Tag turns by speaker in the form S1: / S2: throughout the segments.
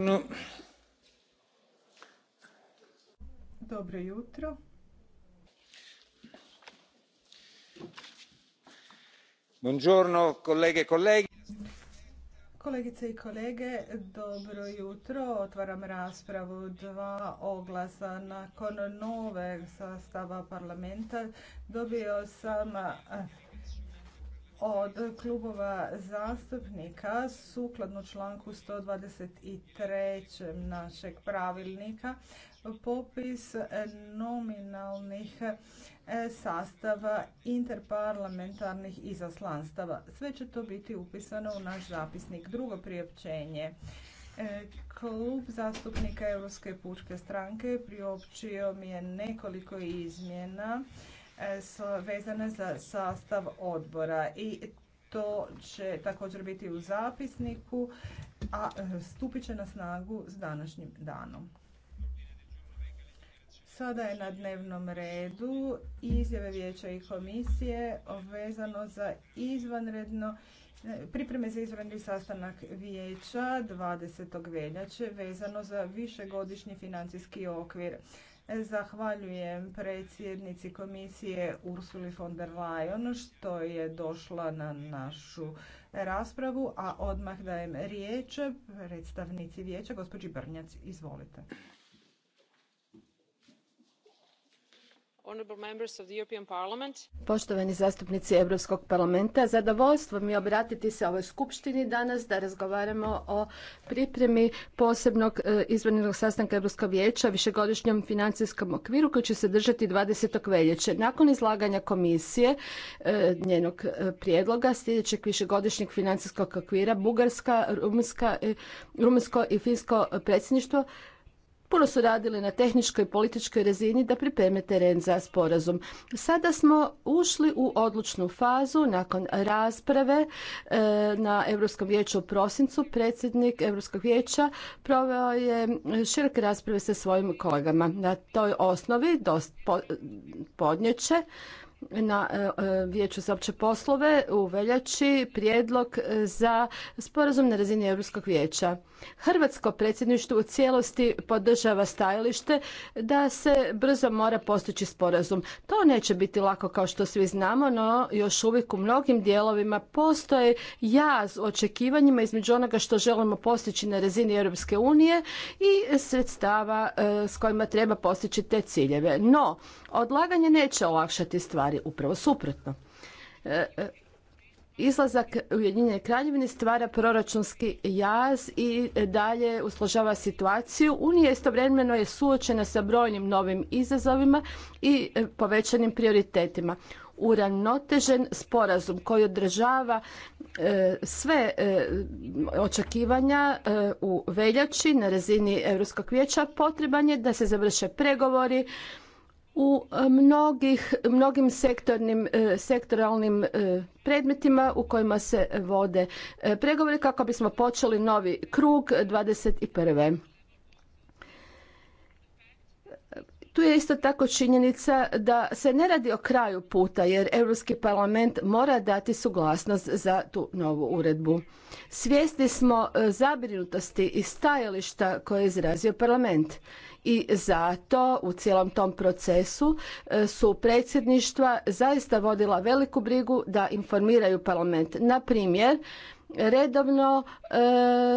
S1: No. Dobro jutro. Buongiorno kolege e Kolegice i kolege, dobro jutro. Otvaram raspravu dva oglasa nakon nove sastava parlamenta. Dobio sam od klubova zastupnika sukladno članku 123. našeg pravilnika popis nominalnih e, sastava interparlamentarnih izaslanstava. Sve će to biti upisano u naš zapisnik. Drugo priopćenje. E, klub zastupnika Europske pučke stranke priopćio mi je nekoliko izmjena vezane za sastav odbora i to će također biti u zapisniku, a stupit će na snagu s današnjim danom. Sada je na dnevnom redu izjave vijeća i komisije vezano za izvanredno Pripreme za izvanredni sastanak vijeća 20. veljače vezano za višegodišnji financijski okvir. Zahvaljujem predsjednici komisije Ursuli von der Leyen što je došla na našu raspravu, a odmah dajem riječ predstavnici vijeća,
S2: gospođi Brnjac, izvolite. Poštovani zastupnici Europskog parlamenta, zadovoljstvo mi je obratiti se ovoj skupštini danas da razgovaramo o pripremi posebnog e, izvanrednog sastanka Europskog vijeća višegodišnjem financijskom okviru koji će se držati 20. veljače. Nakon izlaganja komisije e, njenog e, prijedloga sljedećeg višegodišnjeg financijskog okvira Bugarska, rumunjsko i Finsko predsjedništvo Puno su radili na tehničkoj i političkoj razini da pripreme teren za sporazum. Sada smo ušli u odlučnu fazu nakon rasprave e, na Europskom vijeću u prosincu. Predsjednik Europskog vijeća proveo je široke rasprave sa svojim kolegama. Na toj osnovi podnijet će na e, e, Vijeću za opće poslove u veljači prijedlog za sporazum na razini Europskog vijeća. Hrvatsko predsjedništvo u cijelosti podržava stajalište da se brzo mora postići sporazum. To neće biti lako kao što svi znamo, no još uvijek u mnogim dijelovima postoje jaz očekivanjima između onoga što želimo postići na razini Europske unije i sredstava e, s kojima treba postići te ciljeve. No, odlaganje neće olakšati stvari stvari upravo suprotno. E, e, izlazak Ujedinjene kraljevine stvara proračunski jaz i dalje usložava situaciju. Unija istovremeno je suočena sa brojnim novim izazovima i e, povećanim prioritetima. Uravnotežen sporazum koji održava sve očekivanja u veljači na razini Europskog vijeća potreban je da se završe pregovori u e, mnogim sektornim, e, sektoralnim e, predmetima u kojima se vode pregovori kako bismo počeli novi krug 21. tu je isto tako činjenica da se ne radi o kraju puta jer Europski parlament mora dati suglasnost za tu novu uredbu. Svjesni smo e, zabrinutosti i stajališta koje je izrazio parlament i zato u cijelom tom procesu e, su predsjedništva zaista vodila veliku brigu da informiraju parlament. Na primjer, redovno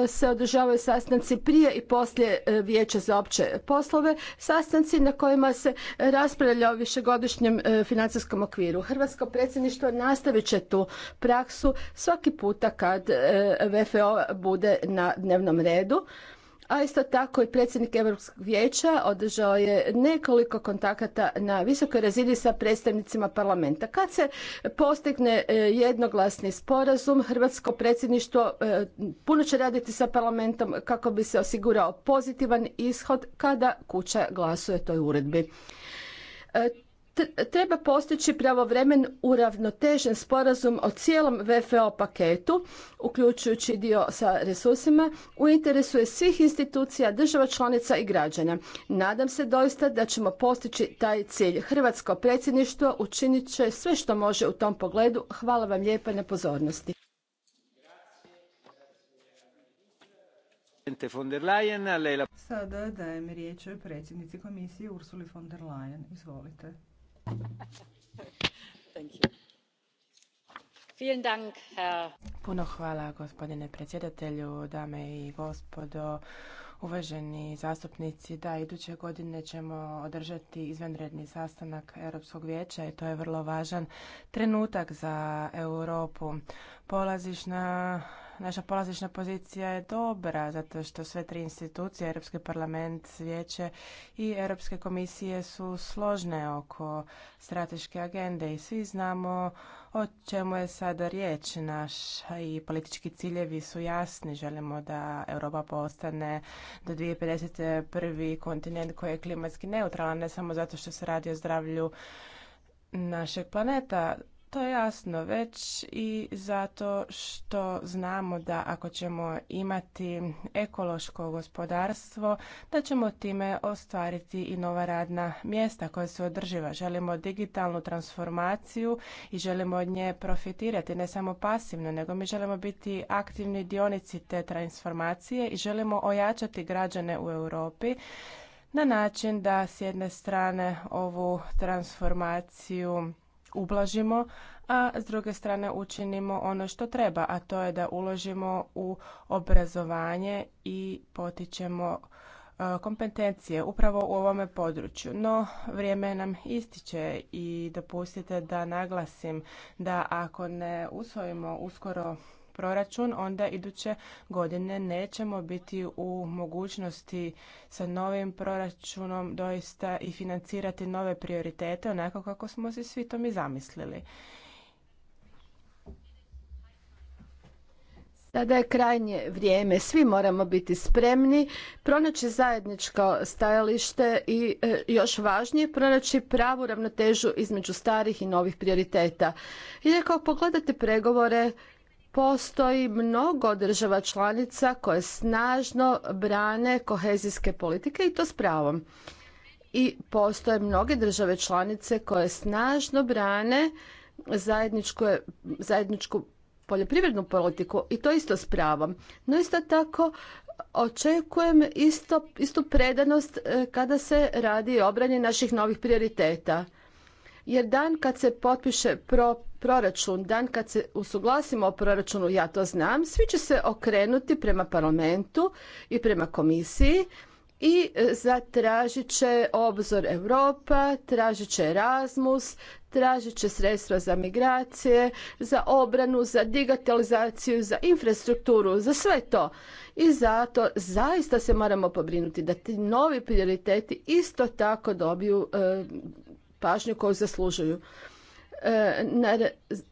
S2: e, se održavaju sastanci prije i poslije e, vijeća za opće poslove, sastanci na kojima se raspravlja o višegodišnjem e, financijskom okviru. Hrvatsko predsjedništvo nastavit će tu praksu svaki puta kad VFO bude na dnevnom redu a isto tako i predsjednik Europskog vijeća održao je nekoliko kontakata na visokoj razini sa predstavnicima parlamenta. Kad se postigne e, jednoglasni sporazum, Hrvatsko predsjedništvo e, puno će raditi sa parlamentom kako bi se osigurao pozitivan ishod kada kuća glasuje toj uredbi. E, treba postići pravovremen uravnotežen sporazum o cijelom VFO paketu, uključujući dio sa resursima, u interesu je svih institucija, država članica i građana. Nadam se doista da ćemo postići taj cilj. Hrvatsko predsjedništvo učinit će sve što može u tom pogledu. Hvala vam lijepa na pozornosti.
S1: Sada dajem riječ predsjednici komisije Ursuli von der Leyen. Izvolite.
S3: Puno hvala gospodine predsjedatelju, dame i gospodo, uvaženi zastupnici. Da, iduće godine ćemo održati izvanredni sastanak Europskog vijeća i to je vrlo važan trenutak za Europu. na naša polazišna pozicija je dobra zato što sve tri institucije, Europski parlament, Vijeće i Europske komisije su složne oko strateške agende i svi znamo o čemu je sada riječ. naš. i politički ciljevi su jasni. Želimo da Europa postane do 2050. prvi kontinent koji je klimatski neutralan, ne samo zato što se radi o zdravlju našeg planeta to je jasno već i zato što znamo da ako ćemo imati ekološko gospodarstvo, da ćemo time ostvariti i nova radna mjesta koja se održiva. Želimo digitalnu transformaciju i želimo od nje profitirati, ne samo pasivno, nego mi želimo biti aktivni dionici te transformacije i želimo ojačati građane u Europi na način da s jedne strane ovu transformaciju ublažimo, a s druge strane učinimo ono što treba, a to je da uložimo u obrazovanje i potičemo e, kompetencije upravo u ovome području. No, vrijeme nam ističe i dopustite da naglasim da ako ne usvojimo uskoro proračun, onda iduće godine nećemo biti u mogućnosti sa novim proračunom doista i financirati nove prioritete
S2: onako kako smo se svi to mi zamislili. Sada je krajnje vrijeme. Svi moramo biti spremni, pronaći zajedničko stajalište i e, još važnije pronaći pravu ravnotežu između starih i novih prioriteta. I ako pogledate pregovore postoji mnogo država članica koje snažno brane kohezijske politike i to s pravom. I postoje mnoge države članice koje snažno brane zajedničku, zajedničku poljoprivrednu politiku i to isto s pravom. No isto tako očekujem isto, istu predanost e, kada se radi o obrani naših novih prioriteta. Jer dan kad se potpiše proračun, dan kad se usuglasimo o proračunu, ja to znam, svi će se okrenuti prema parlamentu i prema komisiji i e, zatražit će obzor Europa, tražit će Erasmus, tražit će sredstva za migracije, za obranu, za digitalizaciju, za infrastrukturu, za sve to. I zato zaista se moramo pobrinuti da ti novi prioriteti isto tako dobiju e, pažnju koju zaslužuju. E, na,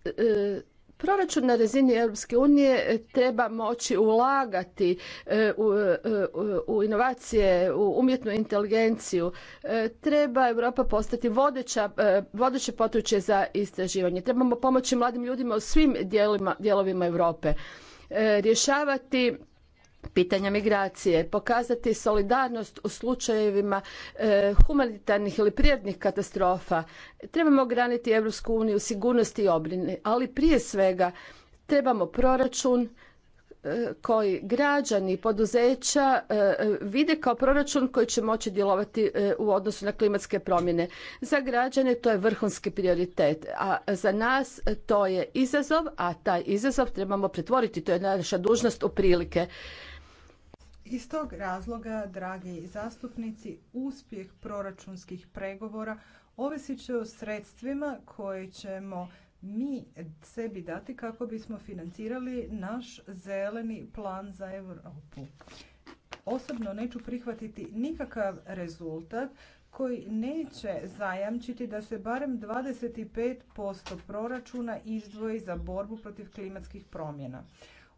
S2: e, Proračun na razini Europske unije treba moći ulagati e, u, u, inovacije, u umjetnu inteligenciju. Treba Europa postati vodeća, vodeće područje za istraživanje. Trebamo pomoći mladim ljudima u svim dijelovima Europe. Rješavati pitanja migracije, pokazati solidarnost u slučajevima e, humanitarnih ili prirodnih katastrofa. Trebamo graniti Europsku uniju sigurnosti i obrine, ali prije svega trebamo proračun e, koji građani i poduzeća e, vide kao proračun koji će moći djelovati u odnosu na klimatske promjene. Za građane to je vrhunski prioritet, a za nas to je izazov, a taj izazov trebamo pretvoriti, to je naša dužnost u prilike.
S1: Iz tog razloga, dragi zastupnici, uspjeh proračunskih pregovora ovisit će o sredstvima koje ćemo mi sebi dati kako bismo financirali naš zeleni plan za Europu. Osobno neću prihvatiti nikakav rezultat koji neće zajamčiti da se barem 25% proračuna izdvoji za borbu protiv klimatskih promjena.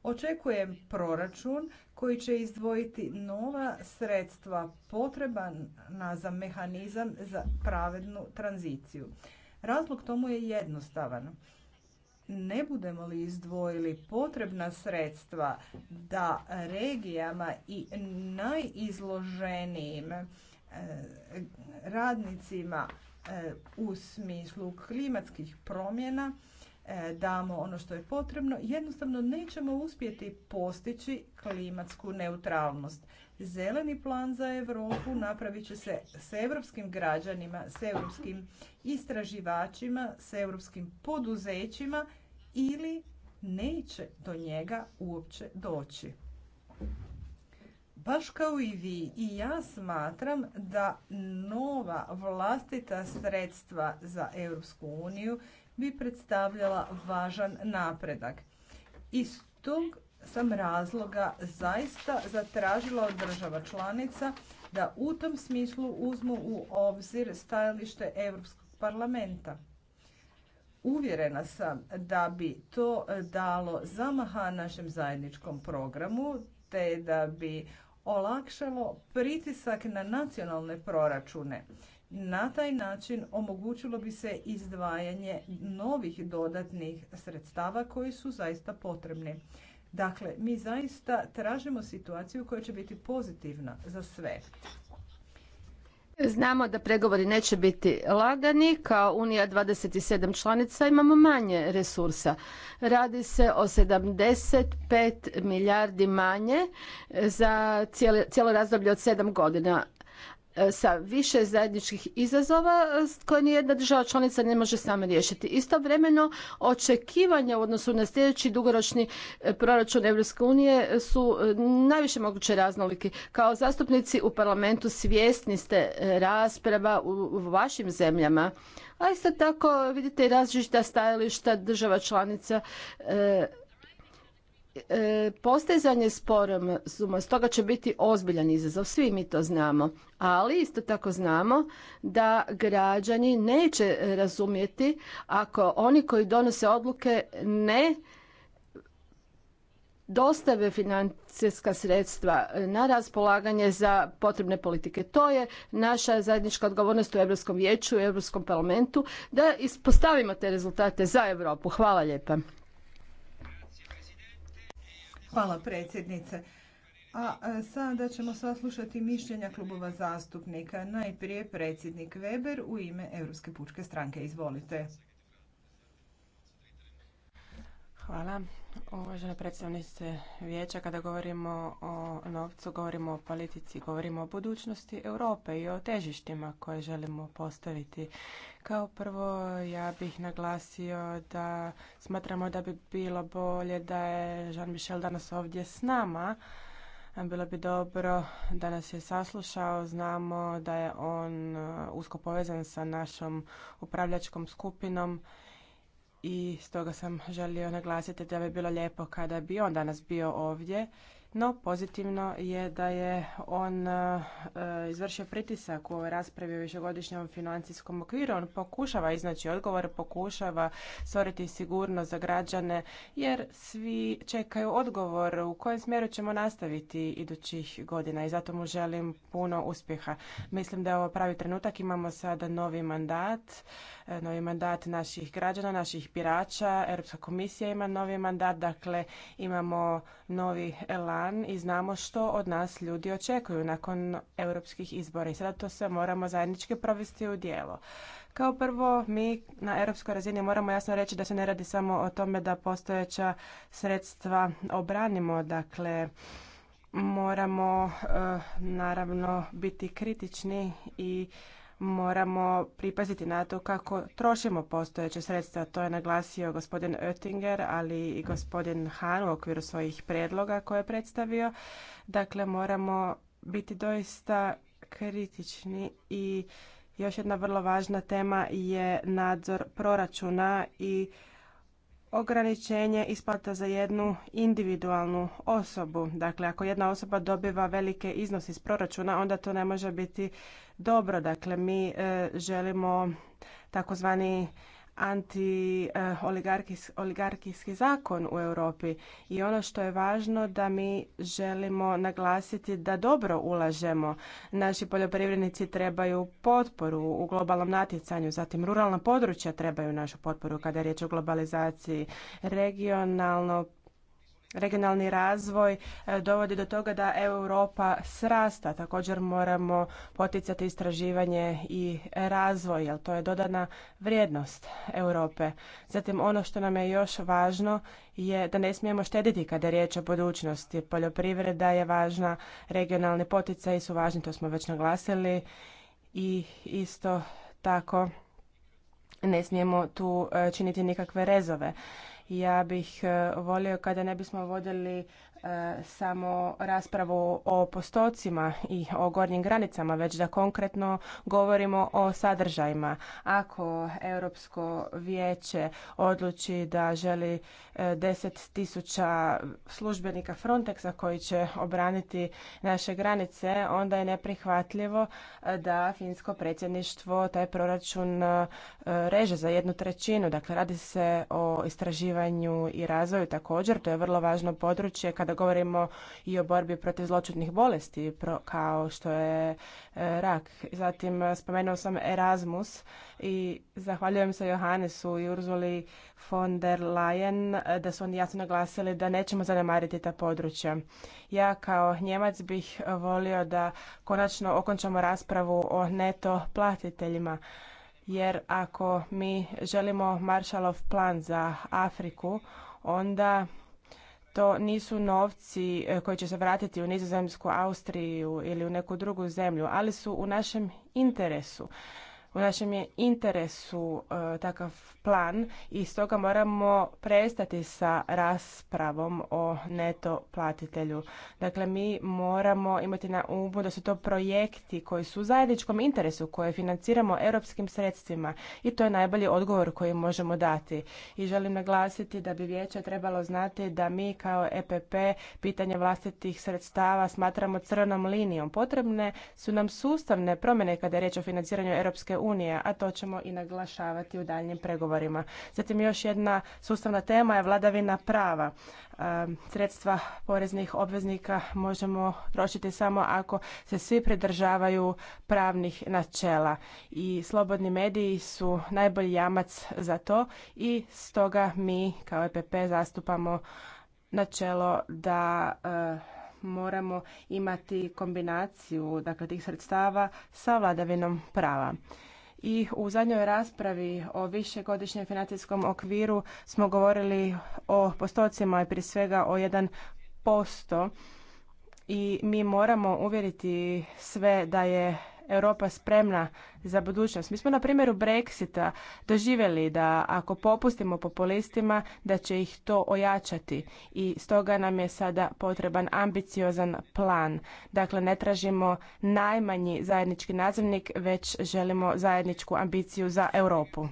S1: Očekujem proračun koji će izdvojiti nova sredstva potrebna za mehanizam za pravednu tranziciju. Razlog tomu je jednostavan. Ne budemo li izdvojili potrebna sredstva da regijama i najizloženijim e, radnicima e, u smislu klimatskih promjena E, damo ono što je potrebno, jednostavno nećemo uspjeti postići klimatsku neutralnost. Zeleni plan za Europu napravit će se s europskim građanima, s europskim istraživačima, s europskim poduzećima ili neće do njega uopće doći. Baš kao i vi, i ja smatram da nova vlastita sredstva za Europsku uniju bi predstavljala važan napredak. Iz tog sam razloga zaista zatražila od država članica da u tom smislu uzmu u obzir stajalište Europskog parlamenta. Uvjerena sam da bi to dalo zamaha našem zajedničkom programu, te da bi olakšalo pritisak na nacionalne proračune na taj način omogućilo bi se izdvajanje novih dodatnih sredstava koji su zaista potrebni. Dakle, mi zaista tražimo situaciju koja će biti pozitivna za sve.
S2: Znamo da pregovori neće biti lagani, kao Unija 27 članica imamo manje resursa. Radi se o 75 milijardi manje za cijelo razdoblje od 7 godina. E, sa više zajedničkih izazova e, koje nijedna država članica ne može sama riješiti. Istovremeno očekivanja u odnosu na sljedeći dugoročni e, proračun Europske unije su najviše moguće raznoliki. Kao zastupnici u parlamentu svjesni ste rasprava u vašim zemljama, a isto tako vidite i različita stajališta država članica E, postezanje sporazuma stoga će biti ozbiljan izazov, svi mi to znamo, ali isto tako znamo da građani neće razumjeti ako oni koji donose odluke ne dostave financijska sredstva na raspolaganje za potrebne politike. To je naša zajednička odgovornost u Europskom vijeću i Europskom parlamentu da ispostavimo te rezultate za Europu. Hvala lijepa.
S1: Hvala predsjednice. A sada ćemo saslušati mišljenja klubova zastupnika. Najprije predsjednik Weber u ime Europske pučke stranke. Izvolite.
S3: Hvala. Uvažena predstavnice vijeća, kada govorimo o novcu, govorimo o politici, govorimo o budućnosti Europe i o težištima koje želimo postaviti. Kao prvo, ja bih naglasio da smatramo da bi bilo bolje da je Jean-Michel danas ovdje s nama. Bilo bi dobro da nas je saslušao. Znamo da je on uh, usko povezan sa našom upravljačkom skupinom i stoga sam želio naglasiti da bi bilo lijepo kada bi on danas bio ovdje no, pozitivno je da je on e, izvršio pritisak u ovoj raspravi o višegodišnjem financijskom okviru. On pokušava iznaći odgovor, pokušava stvoriti sigurnost za građane, jer svi čekaju odgovor u kojem smjeru ćemo nastaviti idućih godina i zato mu želim puno uspjeha. Mislim da je ovo pravi trenutak, imamo sada novi mandat, e, novi mandat naših građana, naših birača, Europska komisija ima novi mandat, dakle imamo novi elan i znamo što od nas ljudi očekuju nakon europskih izbora i sada to sve moramo zajednički provesti u djelo. Kao prvo, mi na europskoj razini moramo jasno reći da se ne radi samo o tome da postojeća sredstva obranimo, dakle moramo eh, naravno biti kritični i moramo pripaziti na to kako trošimo postojeće sredstva. To je naglasio gospodin Oettinger, ali i gospodin Han u okviru svojih predloga koje je predstavio. Dakle, moramo biti doista kritični i još jedna vrlo važna tema je nadzor proračuna i ograničenje isplata za jednu individualnu osobu. Dakle, ako jedna osoba dobiva velike iznose iz proračuna, onda to ne može biti dobro. Dakle, mi e, želimo takozvani anti-oligarkijski zakon u Europi i ono što je važno da mi želimo naglasiti da dobro ulažemo. Naši poljoprivrednici trebaju potporu u globalnom natjecanju, zatim ruralna područja trebaju našu potporu kada je riječ o globalizaciji, regionalno regionalni razvoj e, dovodi do toga da Europa srasta. Također moramo poticati istraživanje i razvoj, jer to je dodana vrijednost Europe. Zatim ono što nam je još važno je da ne smijemo štediti kada je riječ o budućnosti. Poljoprivreda je važna, regionalni poticaji su važni, to smo već naglasili i isto tako ne smijemo tu e, činiti nikakve rezove ja bih e, volio kada ne bismo vodili e, samo raspravu o postocima i o gornjim granicama, već da konkretno govorimo o sadržajima. Ako Europsko vijeće odluči da želi 10.000 e, službenika Frontexa koji će obraniti naše granice, onda je neprihvatljivo da finsko predsjedništvo taj proračun reže za jednu trećinu. Dakle, radi se o istraživanju i razvoju također, to je vrlo važno područje kada govorimo i o borbi protiv zločudnih bolesti kao što je e, rak. Zatim spomenuo sam Erasmus i zahvaljujem se Johannesu i Urzuli von der Leyen e, da su oni jasno naglasili da nećemo zanemariti ta područja. Ja kao Njemac bih volio da konačno okončamo raspravu o neto platiteljima jer ako mi želimo Marshallov plan za Afriku, onda to nisu novci e, koji će se vratiti u Nizozemsku, Austriju ili u neku drugu zemlju, ali su u našem interesu. U našem je interesu e, takav plan i stoga moramo prestati sa raspravom o neto platitelju. Dakle, mi moramo imati na umu da su to projekti koji su u zajedničkom interesu, koje financiramo europskim sredstvima i to je najbolji odgovor koji možemo dati. I želim naglasiti da bi vijeće trebalo znati da mi kao EPP pitanje vlastitih sredstava smatramo crnom linijom. Potrebne su nam sustavne promjene kada je riječ o financiranju Europske unije, a to ćemo i naglašavati u daljnjim pregovorima. Zatim još jedna sustavna tema je vladavina prava. E, sredstva poreznih obveznika možemo trošiti samo ako se svi pridržavaju pravnih načela i slobodni mediji su najbolji jamac za to i stoga mi kao EPP zastupamo načelo da e, moramo imati kombinaciju dakle tih sredstava sa vladavinom prava i u zadnjoj raspravi o višegodišnjem financijskom okviru smo govorili o postocima i prije svega o 1% i mi moramo uvjeriti sve da je Europa spremna za budućnost. Mi smo na primjeru Brexita doživjeli da ako popustimo populistima da će ih to ojačati i stoga nam je sada potreban ambiciozan plan. Dakle, ne tražimo najmanji zajednički nazivnik, već želimo zajedničku ambiciju za Europu.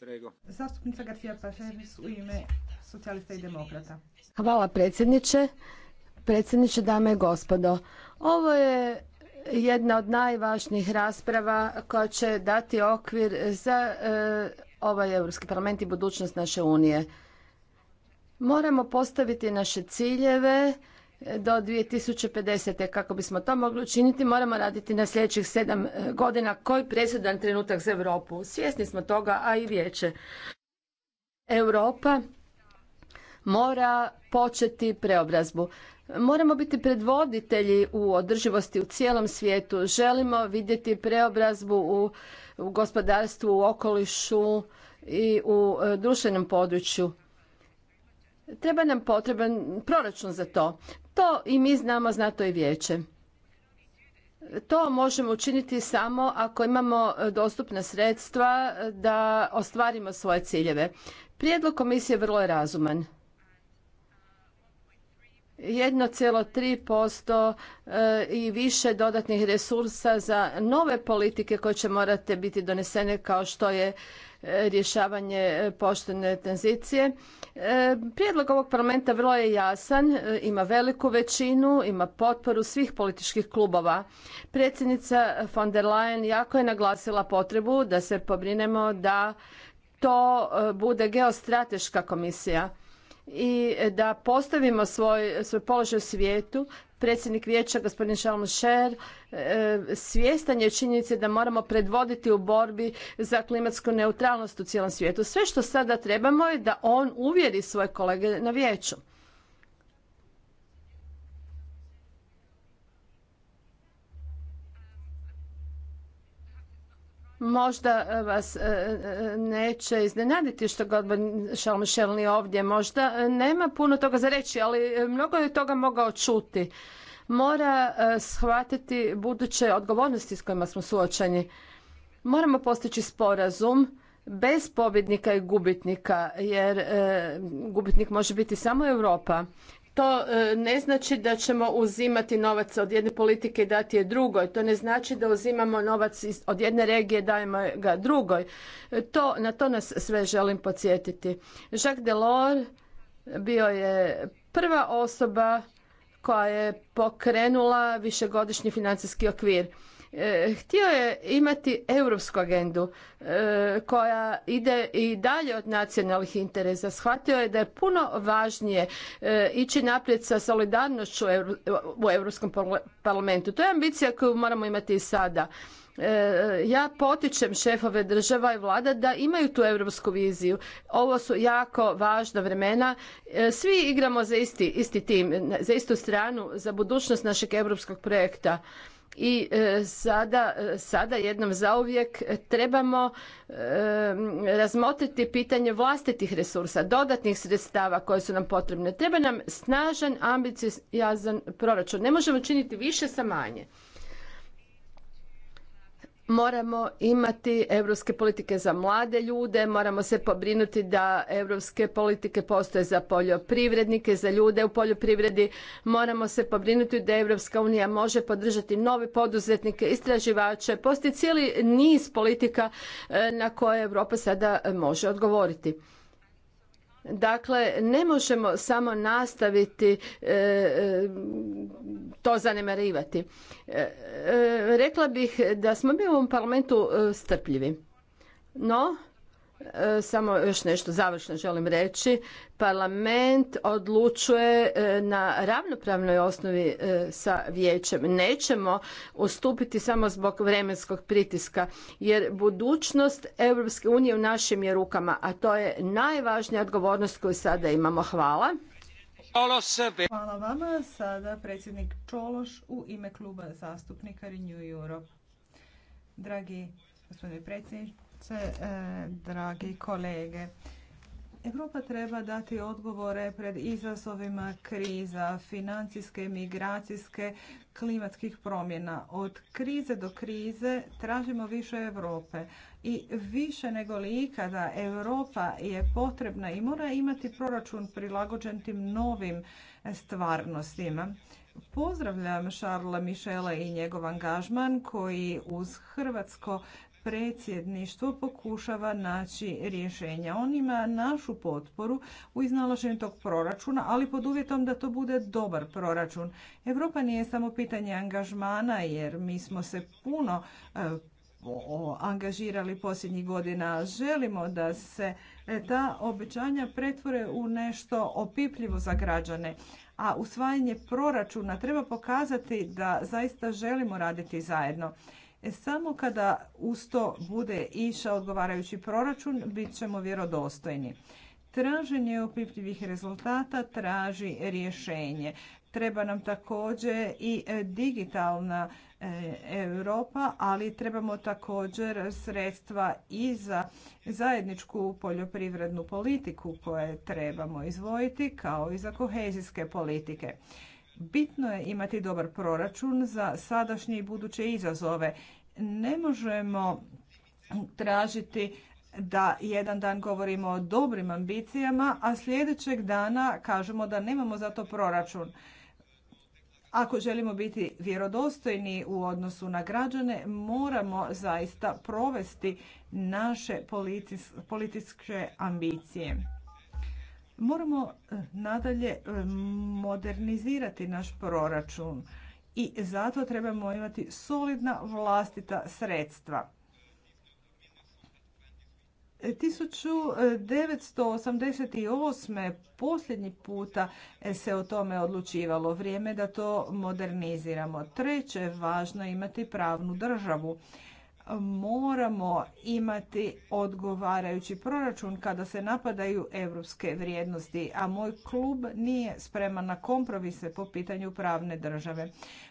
S1: prego. Zastupnica u ime i demokrata.
S2: Hvala predsjedniče predsjedniče, dame i gospodo. Ovo je jedna od najvažnijih rasprava koja će dati okvir za e, ovaj Europski parlament i budućnost naše unije. Moramo postaviti naše ciljeve do 2050. Kako bismo to mogli učiniti, moramo raditi na sljedećih sedam e, godina koji presudan trenutak za Europu. Svjesni smo toga, a i vijeće. Europa mora početi preobrazbu. Moramo biti predvoditelji u održivosti u cijelom svijetu. Želimo vidjeti preobrazbu u, gospodarstvu, u okolišu i u e, društvenom području. Treba nam potreban proračun za to. To i mi znamo, zna to i vijeće. To možemo učiniti samo ako imamo e, dostupna sredstva e, da ostvarimo svoje ciljeve. Prijedlog komisije vrlo je razuman. 1,3% e, i više dodatnih resursa za nove politike koje će morati biti donesene kao što je e, rješavanje poštene tranzicije. E, prijedlog ovog parlamenta vrlo je jasan, ima veliku većinu, ima potporu svih političkih klubova. Predsjednica von der Leyen jako je naglasila potrebu da se pobrinemo da to bude geostrateška komisija i da postavimo svoj, svoj položaj u svijetu. Predsjednik vijeća, gospodin Charles Scher, e, svjestan je činjenice da moramo predvoditi u borbi za klimatsku neutralnost u cijelom svijetu. Sve što sada trebamo je da on uvjeri svoje kolege na vijeću. Možda e, vas e, e, neće iznenaditi što god Šalmišel ovdje. Možda nema puno toga za reći, ali mnogo je toga mogao čuti. Mora shvatiti buduće odgovornosti s kojima smo suočeni. Moramo postići sporazum bez pobjednika i gubitnika, jer gubitnik može biti samo Europa to e, ne znači da ćemo uzimati novac od jedne politike i dati je drugoj. To ne znači da uzimamo novac od jedne regije dajemo ga drugoj. E, to, na to nas sve želim podsjetiti. Jacques Delors bio je prva osoba koja je pokrenula višegodišnji financijski okvir. E, htio je imati europsku agendu e, koja ide i dalje od nacionalnih interesa. Shvatio je da je puno važnije e, ići naprijed sa solidarnošću u Europskom parlamentu. To je ambicija koju moramo imati i sada. Ja potičem šefove država i vlada da imaju tu europsku viziju. Ovo su jako važna vremena. Svi igramo za isti, isti tim, za istu stranu, za budućnost našeg europskog projekta i e, sada, e, sada jednom zauvijek trebamo e, razmotriti pitanje vlastitih resursa, dodatnih sredstava koje su nam potrebne. Treba nam snažan, ambiciozan proračun. Ne možemo činiti više sa manje moramo imati europske politike za mlade ljude, moramo se pobrinuti da europske politike postoje za poljoprivrednike, za ljude u poljoprivredi, moramo se pobrinuti da Europska unija može podržati nove poduzetnike, istraživače, postoji cijeli niz politika eh, na koje Europa sada može odgovoriti. Dakle, ne možemo samo nastaviti e, e, to zanemarivati. E, rekla bih da smo mi u ovom parlamentu strpljivi. No, E, samo još nešto završno želim reći. Parlament odlučuje e, na ravnopravnoj osnovi e, sa vijećem. Nećemo ustupiti samo zbog vremenskog pritiska, jer budućnost Europske unije u našim je rukama, a to je najvažnija odgovornost koju sada imamo. Hvala.
S1: Hvala vama. Sada predsjednik Čološ u ime kluba zastupnika Renew Europe. Dragi gospodine predsjedniče, predsjednice, e, dragi kolege. Europa treba dati odgovore pred izazovima kriza, financijske, migracijske, klimatskih promjena. Od krize do krize tražimo više Europe i više nego li ikada Europa je potrebna i mora imati proračun prilagođen tim novim stvarnostima. Pozdravljam Šarla Mišela i njegov angažman koji uz hrvatsko predsjedništvo pokušava naći rješenja. On ima našu potporu u iznalaženju tog proračuna, ali pod uvjetom da to bude dobar proračun. Europa nije samo pitanje angažmana, jer mi smo se puno eh, angažirali posljednjih godina. Želimo da se eh, ta obećanja pretvore u nešto opipljivo za građane. A usvajanje proračuna treba pokazati da zaista želimo raditi zajedno. E, samo kada uz to bude išao odgovarajući proračun, bit ćemo vjerodostojni. Traženje opipljivih rezultata traži rješenje. Treba nam također i e, digitalna e, Europa, ali trebamo također sredstva i za zajedničku poljoprivrednu politiku koje trebamo izvojiti kao i za kohezijske politike. Bitno je imati dobar proračun za sadašnje i buduće izazove. Ne možemo tražiti da jedan dan govorimo o dobrim ambicijama, a sljedećeg dana kažemo da nemamo za to proračun. Ako želimo biti vjerodostojni u odnosu na građane, moramo zaista provesti naše političke ambicije. Moramo eh, nadalje eh, modernizirati naš proračun i zato trebamo imati solidna vlastita sredstva. 1988. posljednji puta se o tome odlučivalo. Vrijeme da to moderniziramo. Treće, važno imati pravnu državu moramo imati odgovarajući proračun kada se napadaju europske vrijednosti, a moj klub nije spreman na kompromise po pitanju pravne države.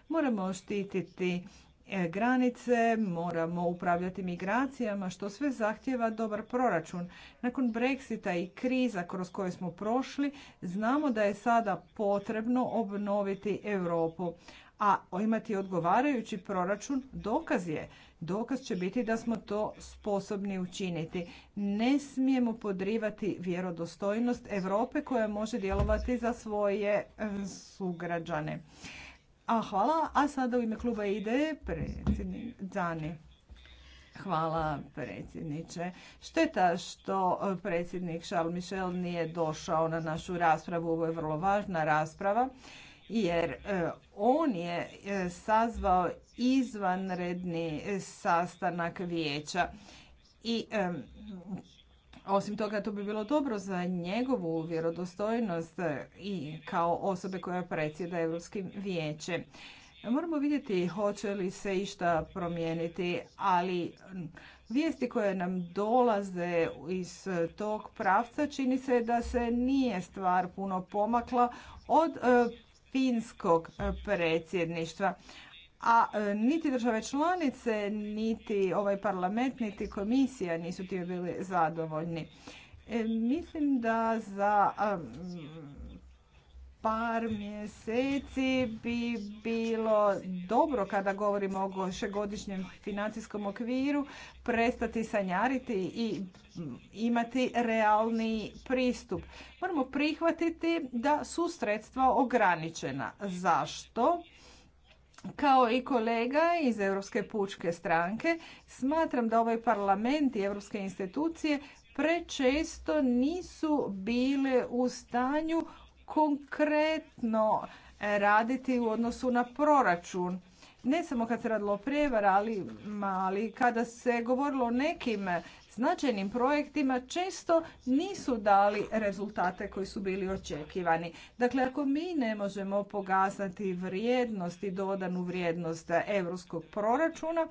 S1: Moramo štititi e, granice, moramo upravljati migracijama, što sve zahtjeva dobar proračun. Nakon Brexita i kriza kroz koje smo prošli, znamo da je sada potrebno obnoviti Europu a imati odgovarajući proračun dokaz je. Dokaz će biti da smo to sposobni učiniti. Ne smijemo podrivati vjerodostojnost Europe koja može djelovati za svoje e, sugrađane. A hvala, a sada u ime kluba ide predsjednik Zani. Hvala predsjedniče. Šteta što e, predsjednik Charles Michel nije došao na našu raspravu. Ovo je vrlo važna rasprava jer e, on je e, sazvao izvanredni e, sastanak vijeća i osim toga, to bi bilo dobro za njegovu vjerodostojnost i kao osobe koja predsjeda Europskim vijećem. Moramo vidjeti hoće li se išta promijeniti, ali vijesti koje nam dolaze iz tog pravca čini se da se nije stvar puno pomakla od finskog e, predsjedništva. A e, niti države članice, niti ovaj parlament, niti komisija nisu ti bili zadovoljni. E, mislim da za par mjeseci bi bilo dobro kada govorimo o gošegodišnjem financijskom okviru prestati sanjariti i imati realni pristup. Moramo prihvatiti da su sredstva ograničena. Zašto? Kao i kolega iz Europske pučke stranke, smatram da ovaj parlament i europske institucije prečesto nisu bile u stanju konkretno raditi u odnosu na proračun. Ne samo kad se radilo o prijevara, ali, mali kada se govorilo o nekim značajnim projektima često nisu dali rezultate koji su bili očekivani. Dakle, ako mi ne možemo pogaznati vrijednost i dodanu vrijednost europskog proračuna,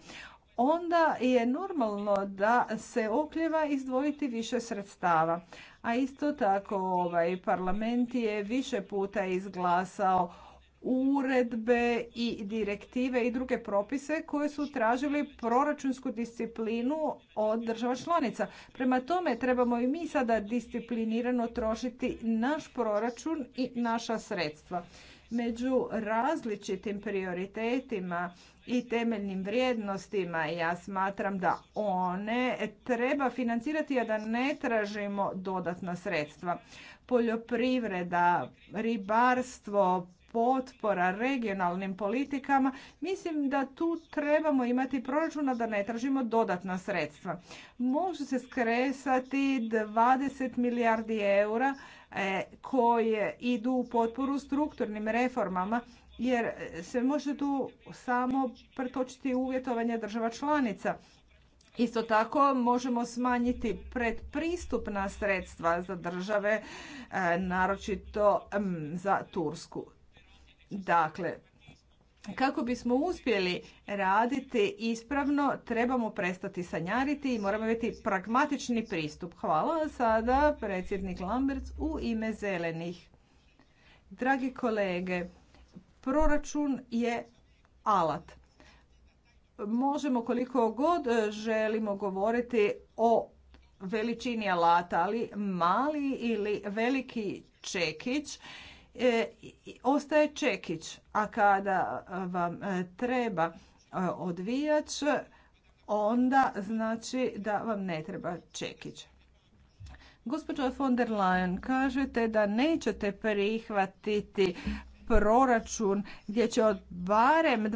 S1: onda je normalno da se okljeva izdvojiti više sredstava. A isto tako ovaj parlament je više puta izglasao uredbe i direktive i druge propise koje su tražili proračunsku disciplinu od država članica. Prema tome trebamo i mi sada disciplinirano trošiti naš proračun i naša sredstva među različitim prioritetima i temeljnim vrijednostima. Ja smatram da one treba financirati, a da ne tražimo dodatna sredstva. Poljoprivreda, ribarstvo, potpora regionalnim politikama, mislim da tu trebamo imati proračuna da ne tražimo dodatna sredstva. Može se skresati 20 milijardi eura E, koje idu u potporu strukturnim reformama jer se može tu samo pretočiti uvjetovanje država članica. Isto tako možemo smanjiti predpristupna sredstva za države, e, naročito za Tursku. Dakle, kako bismo uspjeli raditi ispravno, trebamo prestati sanjariti i moramo biti pragmatični pristup. Hvala sada predsjednik Lamberts u ime zelenih. Dragi kolege, proračun je alat. Možemo koliko god želimo govoriti o veličini alata, ali mali ili veliki čekić E, ostaje čekić, a kada e, vam e, treba odvijač, onda znači da vam ne treba čekić. Gospođo von der Leyen, kažete da nećete prihvatiti proračun gdje će od barem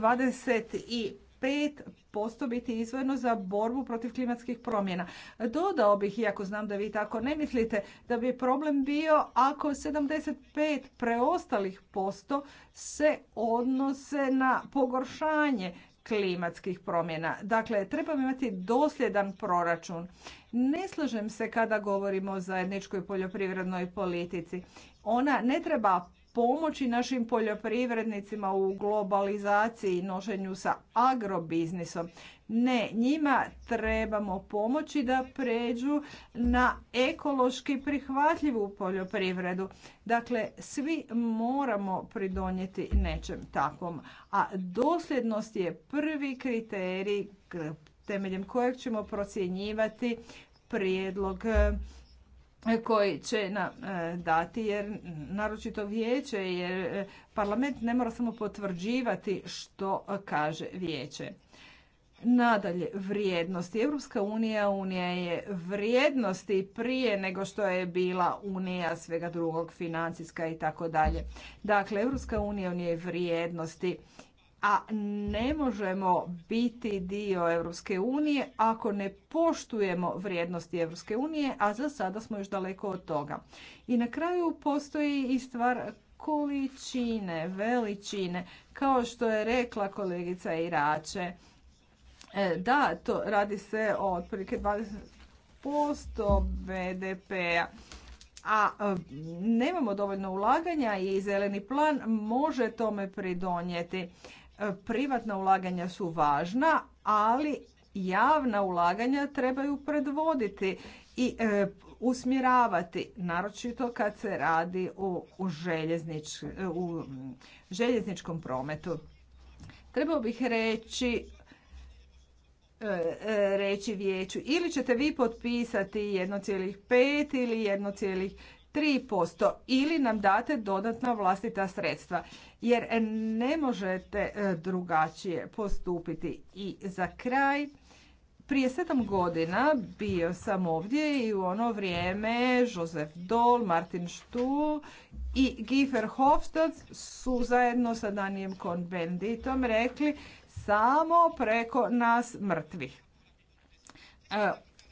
S1: posto biti izvojeno za borbu protiv klimatskih promjena. Dodao bih, iako znam da vi tako ne mislite, da bi problem bio ako 75 preostalih posto se odnose na pogoršanje klimatskih promjena. Dakle, trebamo imati dosljedan proračun. Ne slažem se kada govorimo o zajedničkoj poljoprivrednoj politici. Ona ne treba pomoći našim poljoprivrednicima u globalizaciji i nošenju sa agrobiznisom. Ne, njima trebamo pomoći da pređu na ekološki prihvatljivu poljoprivredu. Dakle, svi moramo pridonijeti nečem takvom. A dosljednost je prvi kriterij temeljem kojeg ćemo procjenjivati prijedlog koji će nam e, dati jer naročito vijeće jer e, parlament ne mora samo potvrđivati što kaže vijeće. Nadalje, vrijednosti. Europska unija unija je vrijednosti prije nego što je bila unija svega drugog, financijska i tako dalje. Dakle, Europska unija unija je vrijednosti a ne možemo biti dio Europske unije ako ne poštujemo vrijednosti Europske unije, a za sada smo još daleko od toga. I na kraju postoji i stvar količine, veličine, kao što je rekla kolegica Irače. E, da, to radi se o otprilike 20% BDP-a a e, nemamo dovoljno ulaganja i zeleni plan može tome pridonijeti. E, privatna ulaganja su važna, ali javna ulaganja trebaju predvoditi i e, usmjeravati, naročito kad se radi u, e, u, željezničkom prometu. Trebao bih reći reći vijeću ili ćete vi potpisati 1,5 ili 1,3% ili nam date dodatna vlastita sredstva jer ne možete e, drugačije postupiti. I za kraj, prije sedam godina bio sam ovdje i u ono vrijeme Josef Dol, Martin Stuhl i Giefer Hofstad su zajedno sa Danijem Konbenditom rekli samo preko nas mrtvih. E,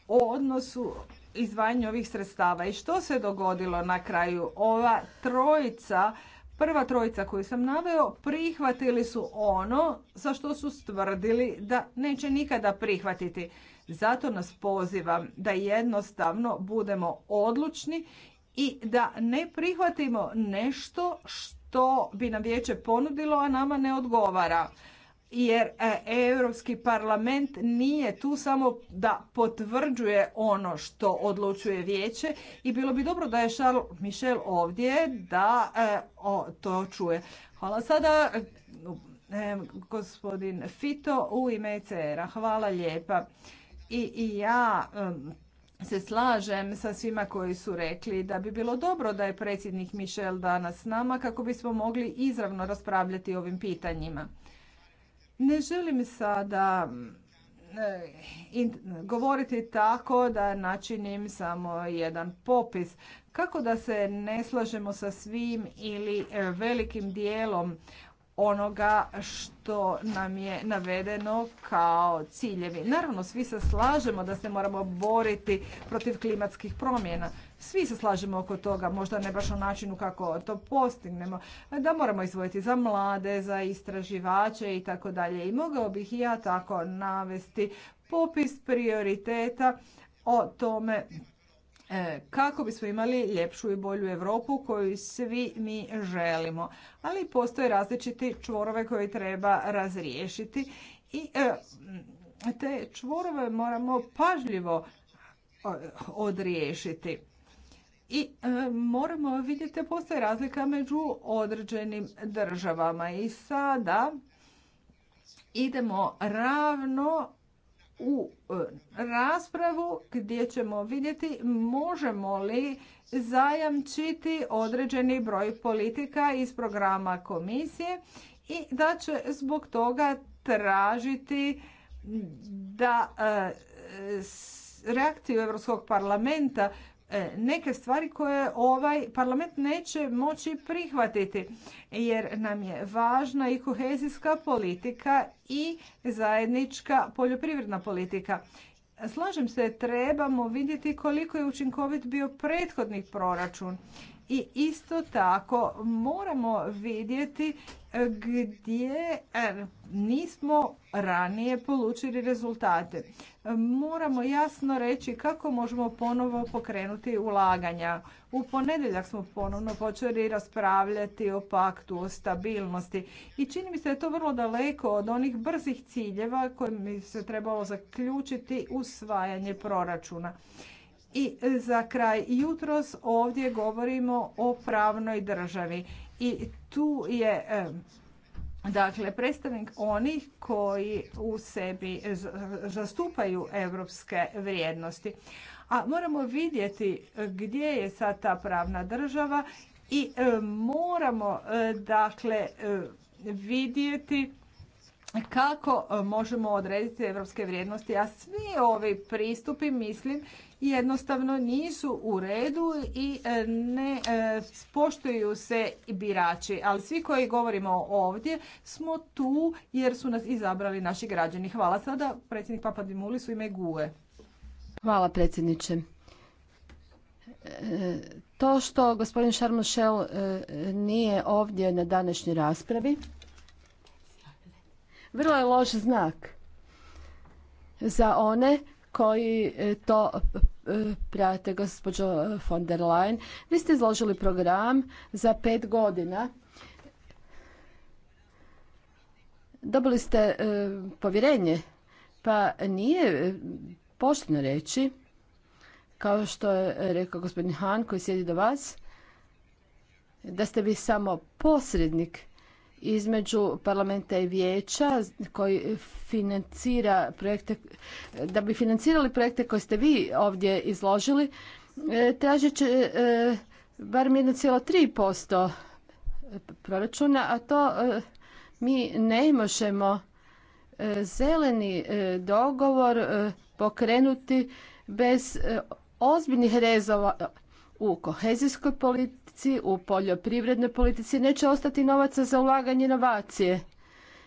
S1: o odnosu izdvajanju ovih sredstava. I što se dogodilo na kraju? Ova trojica Prva trojica koju sam naveo prihvatili su ono za što su stvrdili da neće nikada prihvatiti. Zato nas pozivam da jednostavno budemo odlučni i da ne prihvatimo nešto što bi nam vijeće ponudilo, a nama ne odgovara jer e, Europski parlament nije tu samo da potvrđuje ono što odlučuje vijeće i bilo bi dobro da je Charles Michel ovdje da e, to čuje. Hvala sada e, gospodin Fito u ime cr a Hvala lijepa. I, i ja se slažem sa svima koji su rekli da bi bilo dobro da je predsjednik Michel danas s nama kako bismo mogli izravno raspravljati o ovim pitanjima. Ne želim sada eh, govoriti tako da načinim samo jedan popis. Kako da se ne slažemo sa svim ili eh, velikim dijelom onoga što nam je navedeno kao ciljevi. Naravno, svi se slažemo da se moramo boriti protiv klimatskih promjena. Svi se slažemo oko toga, možda ne baš o načinu kako to postignemo, da moramo izvojiti za mlade, za istraživače i tako dalje. I mogao bih ja tako navesti popis prioriteta o tome E, kako bismo imali ljepšu i bolju Europu koju svi mi želimo. Ali postoje različiti čvorove koje treba razriješiti i e, te čvorove moramo pažljivo e, odriješiti. I moramo vidjeti da postoji razlika među određenim državama. I sada idemo ravno u e, raspravu gdje ćemo vidjeti možemo li zajamčiti određeni broj politika iz programa komisije i da će zbog toga tražiti da e, reakciju Europskog parlamenta E, neke stvari koje ovaj parlament neće moći prihvatiti jer nam je važna i kohezijska politika i zajednička poljoprivredna politika. Slažem se, trebamo vidjeti koliko je učinkovit bio prethodni proračun i isto tako moramo vidjeti e, gdje e, nismo ranije polučili rezultate. E, moramo jasno reći kako možemo ponovo pokrenuti ulaganja. U ponedjeljak smo ponovno počeli raspravljati o paktu, o stabilnosti i čini mi se da je to vrlo daleko od onih brzih ciljeva koje bi se trebalo zaključiti usvajanje proračuna. I za kraj jutros ovdje govorimo o pravnoj državi i tu je dakle predstavnik onih koji u sebi zastupaju europske vrijednosti. A moramo vidjeti gdje je sad ta pravna država i moramo e, dakle e, vidjeti kako e, možemo odrediti europske vrijednosti, a svi ovi pristupi mislim jednostavno nisu u redu i e, ne spoštuju e, se birači. Ali svi koji govorimo ovdje smo tu jer su nas izabrali naši građani. Hvala sada predsjednik Papadimulis u ime GUE.
S2: Hvala predsjedniče. E, to što gospodin Šarmošel nije ovdje na današnjoj raspravi, vrlo je loš znak za one koji to E, prate gospođo e, von der Leyen. Vi ste izložili program za pet godina. Dobili ste e, povjerenje, pa nije pošteno reći, kao što je rekao gospodin Han koji sjedi do vas, da ste vi samo posrednik između parlamenta i vijeća koji financira projekte, da bi financirali projekte koje ste vi ovdje izložili, e, tražit će e, barem 1,3% proračuna, a to e, mi ne možemo zeleni dogovor pokrenuti bez ozbiljnih rezova u kohezijskoj politici, u poljoprivrednoj politici neće ostati novaca za ulaganje inovacije.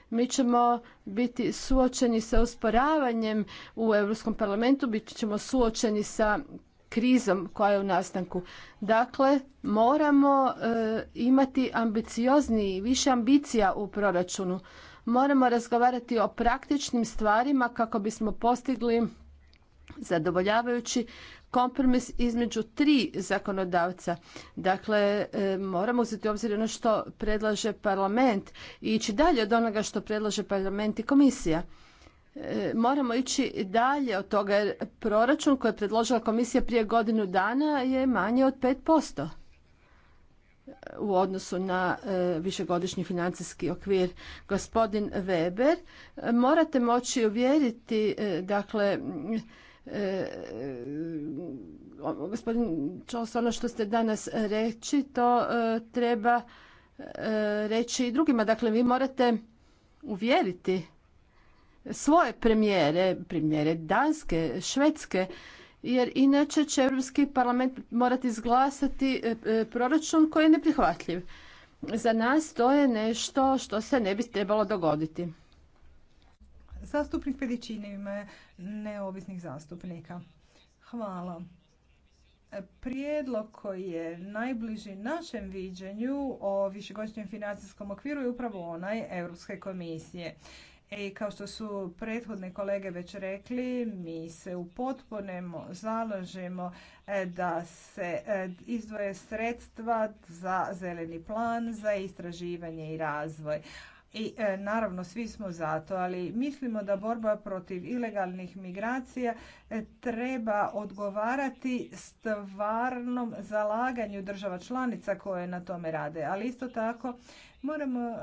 S2: Mi ćemo biti suočeni sa usporavanjem u Europskom parlamentu, bit ćemo suočeni sa krizom koja je u nastanku. Dakle, moramo e, imati ambiciozniji, više ambicija u proračunu. Moramo razgovarati o praktičnim stvarima kako bismo postigli zadovoljavajući kompromis između tri zakonodavca. Dakle, e, moramo uzeti u obzir ono što predlaže parlament i ići dalje od onoga što predlaže parlament i komisija. E, moramo ići dalje od toga jer proračun koji je predložila komisija prije godinu dana je manje od 5% e, u odnosu na višegodišnji financijski okvir. Gospodin Weber, morate moći uvjeriti dakle E, gospodin Čos, ono što ste danas reći, to e, treba e, reći i drugima. Dakle, vi morate uvjeriti svoje premijere, premijere Danske, Švedske, jer inače će Europski parlament morati izglasati proračun koji je neprihvatljiv. Za nas to je nešto što se ne bi trebalo dogoditi.
S1: Zastupnik Pedićini ime neovisnih zastupnika. Hvala. Prijedlog koji je najbliži našem viđenju o višegodišnjem financijskom okviru je upravo onaj Europske komisije. I e, kao što su prethodne kolege već rekli, mi se u zalažemo e, da se e, izdvoje sredstva za zeleni plan, za istraživanje i razvoj i e, naravno svi smo za to, ali mislimo da borba protiv ilegalnih migracija e, treba odgovarati stvarnom zalaganju država članica koje na tome rade, ali isto tako moramo e,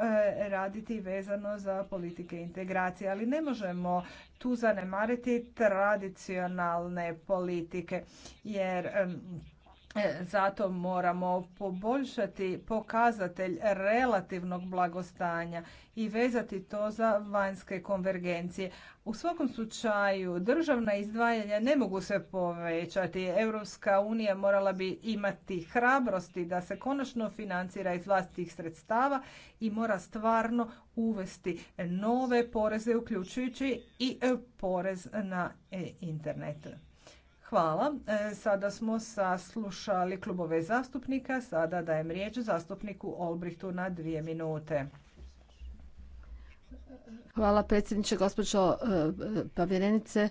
S1: raditi vezano za politike integracije, ali ne možemo tu zanemariti tradicionalne politike jer E, zato moramo poboljšati pokazatelj relativnog blagostanja i vezati to za vanjske konvergencije. U svakom slučaju državna izdvajanja ne mogu se povećati. Europska unija morala bi imati hrabrosti da se konačno financira iz vlastitih sredstava i mora stvarno uvesti nove poreze uključujući i porez na internet. Hvala. E, sada smo saslušali klubove zastupnika. Sada dajem riječ zastupniku Olbrihtu na dvije minute.
S2: Hvala predsjedniče, gospođo e, povjerenice. E,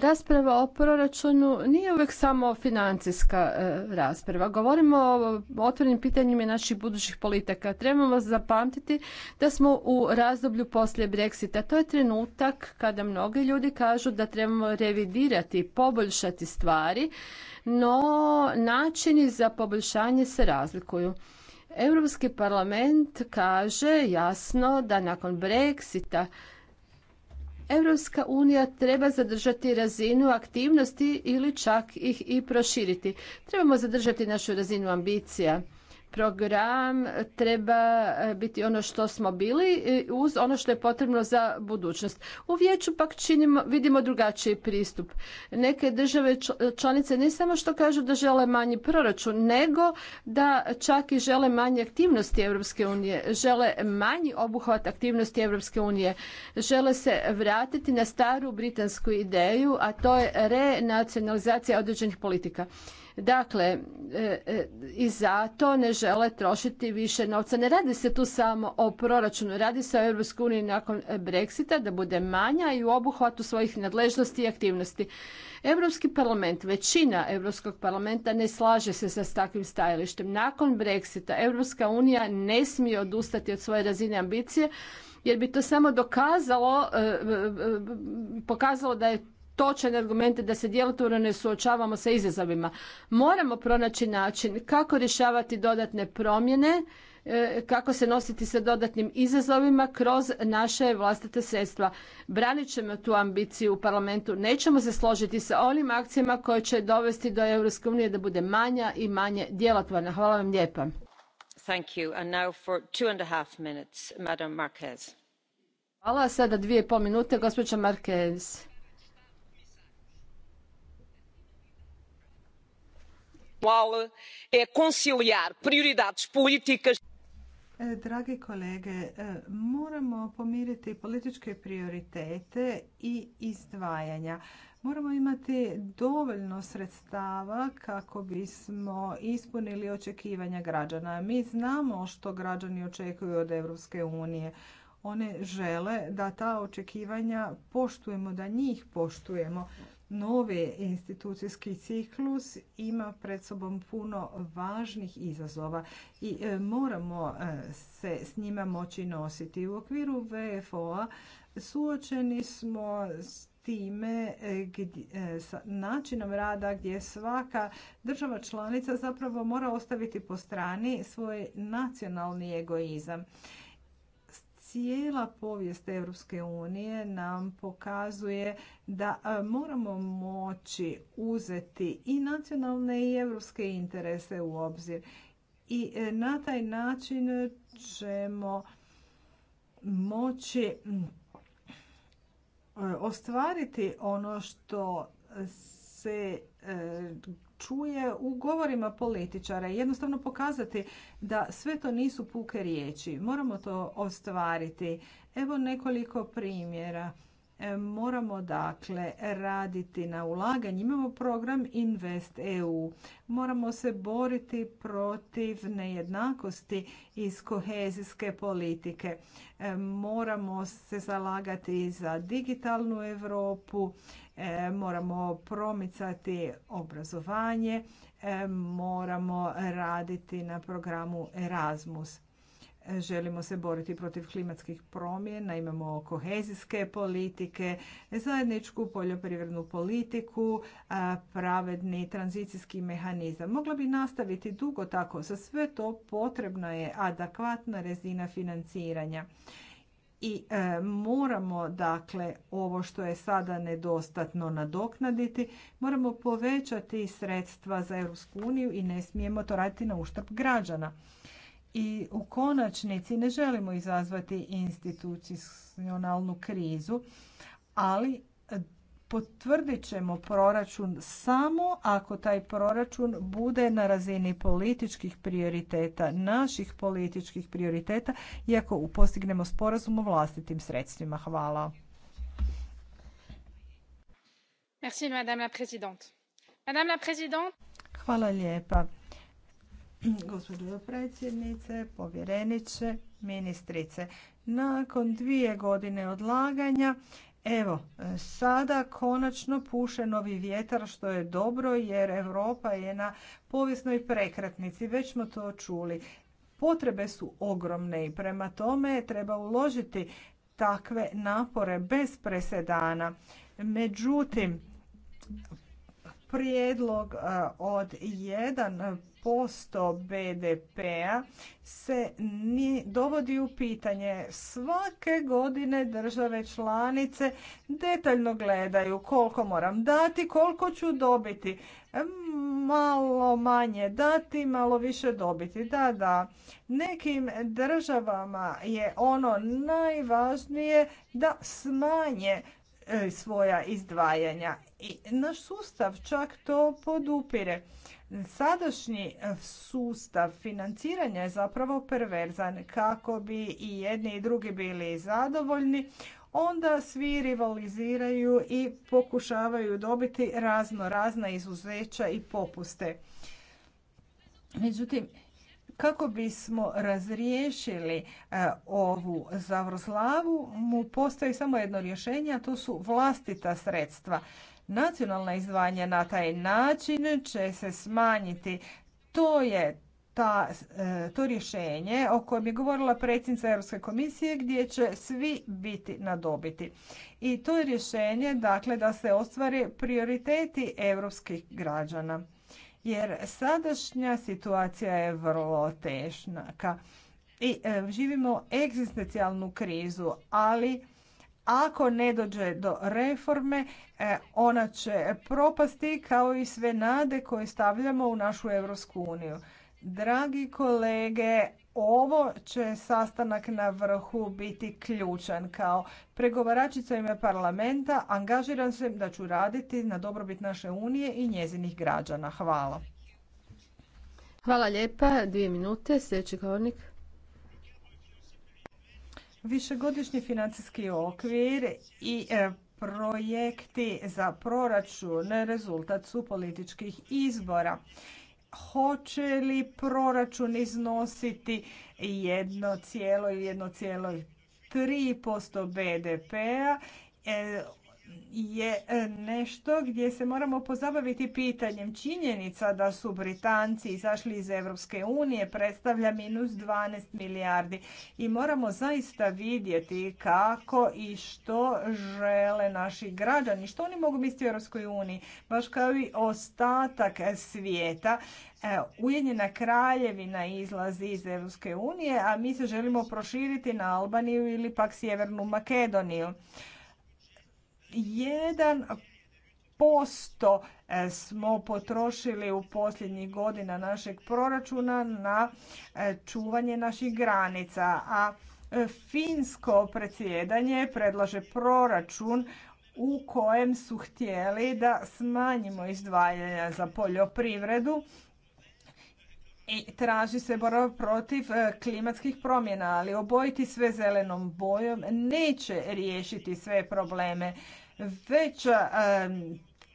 S2: rasprava o proračunu nije uvijek samo financijska e, rasprava. Govorimo o otvorenim pitanjima naših budućih politika. Trebamo zapamtiti da smo u razdoblju poslije Brexita. To je trenutak kada mnogi ljudi kažu da trebamo revidirati, poboljšati stvari, no načini za poboljšanje se razlikuju. Europski parlament kaže jasno da nakon Brexita Europska unija treba zadržati razinu aktivnosti ili čak ih i proširiti. Trebamo zadržati našu razinu ambicija program treba e, biti ono što smo bili uz ono što je potrebno za budućnost. U vijeću pak činimo, vidimo drugačiji pristup. Neke države članice ne samo što kažu da žele manji proračun, nego da čak i žele manje aktivnosti Europske unije, žele manji obuhvat aktivnosti Europske unije, žele se vratiti na staru britansku ideju, a to je renacionalizacija određenih politika. Dakle, e, e, i zato ne žele trošiti više novca. Ne radi se tu samo o proračunu, radi se o EU nakon Brexita da bude manja i u obuhvatu svojih nadležnosti i aktivnosti. Europski parlament, većina Europskog parlamenta ne slaže se sa takvim stajalištem. Nakon Brexita Europska unija ne smije odustati od svoje razine ambicije jer bi to samo dokazalo, e, pokazalo da je točan argument da se djelotvorno ne suočavamo sa izazovima. Moramo pronaći način kako rješavati dodatne promjene, e, kako se nositi sa dodatnim izazovima kroz naše vlastite sredstva. Branit ćemo tu ambiciju u parlamentu. Nećemo se složiti sa onim akcijama koje će dovesti do EU da bude manja i manje djelotvorna. Hvala vam lijepa.
S1: Thank you. And now for and a half minutes, Madam Marquez.
S2: Hvala. Sada dvije pol minute, gospođa Marquez.
S1: E, dragi kolege, e, moramo pomiriti političke prioritete i izdvajanja. Moramo imati dovoljno sredstava kako bismo ispunili očekivanja građana. Mi znamo što građani očekuju od Europske unije. One žele da ta očekivanja poštujemo, da njih poštujemo novi institucijski ciklus ima pred sobom puno važnih izazova i e, moramo e, se s njima moći nositi. U okviru VFO-a suočeni smo s time e, načinom rada gdje svaka država članica zapravo mora ostaviti po strani svoj nacionalni egoizam cijela povijest Europske unije nam pokazuje da e, moramo moći uzeti i nacionalne i europske interese u obzir. I e, na taj način ćemo moći e, ostvariti ono što se čuje u govorima političara. Jednostavno pokazati da sve to nisu puke riječi. Moramo to ostvariti. Evo nekoliko primjera. E, moramo dakle raditi na ulaganju. Imamo program Invest EU. Moramo se boriti protiv nejednakosti iz kohezijske politike. E, moramo se zalagati za digitalnu Europu, E, moramo promicati obrazovanje, e, moramo raditi na programu Erasmus. E, želimo se boriti protiv klimatskih promjena, imamo kohezijske politike, zajedničku poljoprivrednu politiku, pravedni tranzicijski mehanizam. Mogla bi nastaviti dugo tako. Za sve to potrebna je adekvatna rezina financiranja i e, moramo dakle ovo što je sada nedostatno nadoknaditi, moramo povećati sredstva za Europsku uniju i ne smijemo to raditi na uštrb građana. I u konačnici ne želimo izazvati institucionalnu krizu, ali potvrdit ćemo proračun samo ako taj proračun bude na razini političkih prioriteta, naših političkih prioriteta, ako postignemo sporazum o vlastitim sredstvima. Hvala. Merci, Hvala lijepa. Gospođo predsjednice, povjereniče, ministrice. Nakon dvije godine odlaganja Evo, sada konačno puše novi vjetar što je dobro jer Europa je na povijesnoj prekretnici, već smo to čuli. Potrebe su ogromne i prema tome treba uložiti takve napore bez presedana. Međutim, prijedlog od jedan posto BDP-a se ni dovodi u pitanje. Svake godine države članice detaljno gledaju koliko moram dati, koliko ću dobiti. Malo manje dati, malo više dobiti. Da, da. Nekim državama je ono najvažnije da smanje E, svoja izdvajanja. I naš sustav čak to podupire. Sadašnji e, sustav financiranja je zapravo perverzan. Kako bi i jedni i drugi bili zadovoljni, onda svi rivaliziraju i pokušavaju dobiti razno razna izuzeća i popuste. Međutim, kako bismo razriješili e, ovu zavrzlavu, mu postoji samo jedno rješenje, a to su vlastita sredstva. Nacionalna izdvajanja na taj način će se smanjiti. To je e, to rješenje o kojem je govorila predsjednica Europske komisije gdje će svi biti na dobiti. I to je rješenje dakle, da se ostvare prioriteti europskih građana jer sadašnja situacija je vrlo tešna. I e, živimo egzistencijalnu krizu, ali ako ne dođe do reforme, e, ona će propasti kao i sve nade koje stavljamo u našu Europsku uniju. Dragi kolege, ovo će sastanak na vrhu biti ključan. Kao pregovaračica u ime parlamenta angažiram se da ću raditi na dobrobit naše unije i njezinih građana. Hvala.
S2: Hvala lijepa. Dvije minute. Sljedeći govornik.
S1: Višegodišnji financijski okvir i e, projekti za proračun rezultat su političkih izbora hoće li proračun iznositi 1,1,3% BDP-a e, je e, nešto gdje se moramo pozabaviti pitanjem. Činjenica da su Britanci izašli iz Europske unije predstavlja minus 12 milijardi i moramo zaista vidjeti kako i što žele naši građani, što oni mogu misliti u Europskoj uniji, baš kao i ostatak svijeta. E, Ujedinjena kraljevina izlazi iz EU unije, a mi se želimo proširiti na Albaniju ili pak Sjevernu Makedoniju. Jedan posto e, smo potrošili u posljednjih godina našeg proračuna na e, čuvanje naših granica, a e, finsko predsjedanje predlaže proračun u kojem su htjeli da smanjimo izdvajanja za poljoprivredu i traži se borba protiv e, klimatskih promjena, ali obojiti sve zelenom bojom neće riješiti sve probleme. Već e,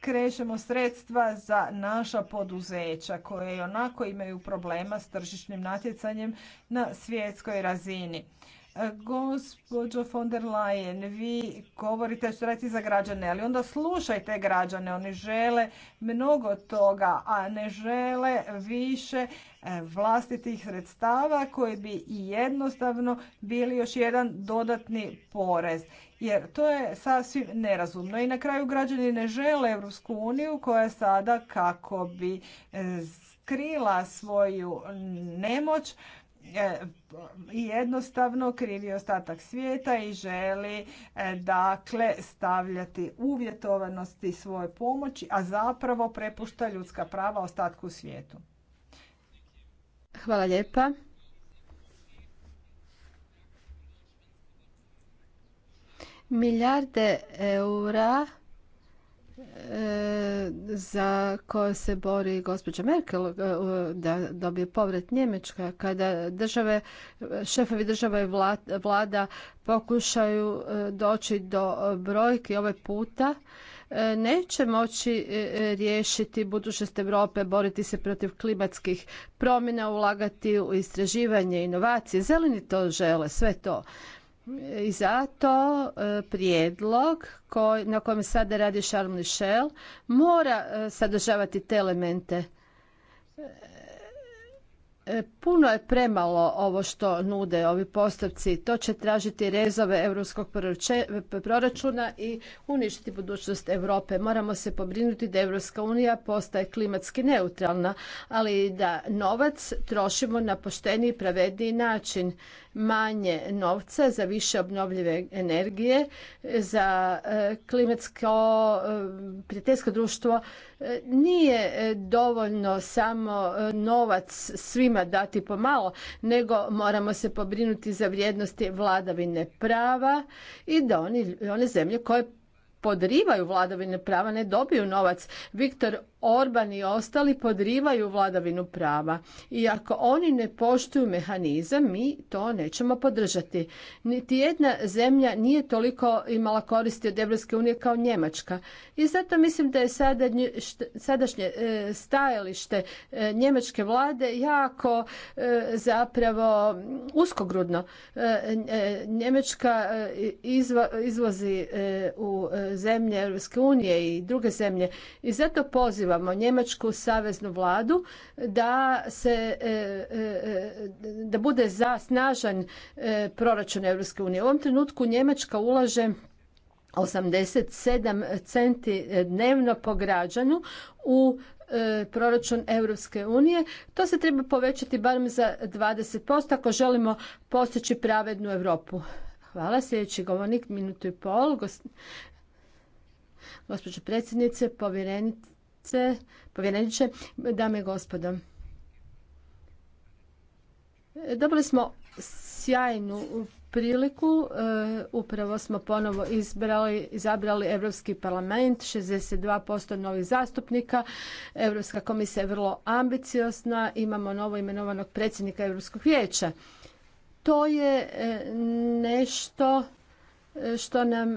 S1: krešemo sredstva za naša poduzeća koje onako imaju problema s tržišnim natjecanjem na svjetskoj razini. Gospođo von der Leyen, vi govorite da raditi za građane, ali onda slušajte građane. Oni žele mnogo toga, a ne žele više e, vlastitih sredstava koji bi i jednostavno bili još jedan dodatni porez. Jer to je sasvim nerazumno. I na kraju građani ne žele Europsku uniju koja sada kako bi e, skrila svoju nemoć, i jednostavno krivi ostatak svijeta i želi e, dakle stavljati uvjetovanosti svoje pomoći, a zapravo prepušta ljudska prava ostatku svijetu. Hvala
S2: lijepa. Milijarde eura E, za koje se bori gospođa Merkel e, da dobije povrat Njemačka kada države, šefovi država i vlada pokušaju e, doći do brojki ove puta neće moći riješiti budućnost Europe, boriti se protiv klimatskih promjena, ulagati u istraživanje, inovacije. Zeleni to žele, sve to. I zato e, prijedlog na kojem sada radi Charles Michel mora e, sadržavati te elemente. E, puno je premalo ovo što nude ovi postupci. To će tražiti rezove europskog proračuna i uništiti budućnost Europe. Moramo se pobrinuti da Europska unija postaje klimatski neutralna, ali da novac trošimo na pošteniji i pravedniji način manje novca za više obnovljive energije, za e, klimatsko e, prijateljsko društvo. E, nije dovoljno samo novac svima dati pomalo, nego moramo se pobrinuti za vrijednosti vladavine prava i da oni, one zemlje koje podrivaju vladavine prava ne dobiju novac. Viktor Orban i ostali podrivaju vladavinu prava i ako oni ne poštuju mehanizam, mi to nećemo podržati. Niti jedna zemlja nije toliko imala koristi od EU unije kao Njemačka. I zato mislim da je sadašnje e, stajalište e, njemačke vlade jako e, zapravo uskogrudno. Njemačka izvozi u zemlje EU unije i druge zemlje i zato pozivam pozivamo njemačku saveznu vladu da se e, e, e, da bude za snažan proračun Europske unije. U ovom trenutku Njemačka ulaže 87 centi dnevno po građanu u proračun Europske unije. To se treba povećati barem za 20% ako želimo postići pravednu Europu. Hvala. Sljedeći govornik, minutu i pol. Gospođo predsjednice, povjerenice, povjerenice, povjereniče, dame i gospodo. Dobili smo sjajnu priliku. Eh, upravo smo ponovo izbrali, izabrali Europski parlament, 62% novih zastupnika. Europska komisija je vrlo ambiciozna. Imamo novo imenovanog predsjednika Europskog vijeća. To je eh, nešto eh, što nam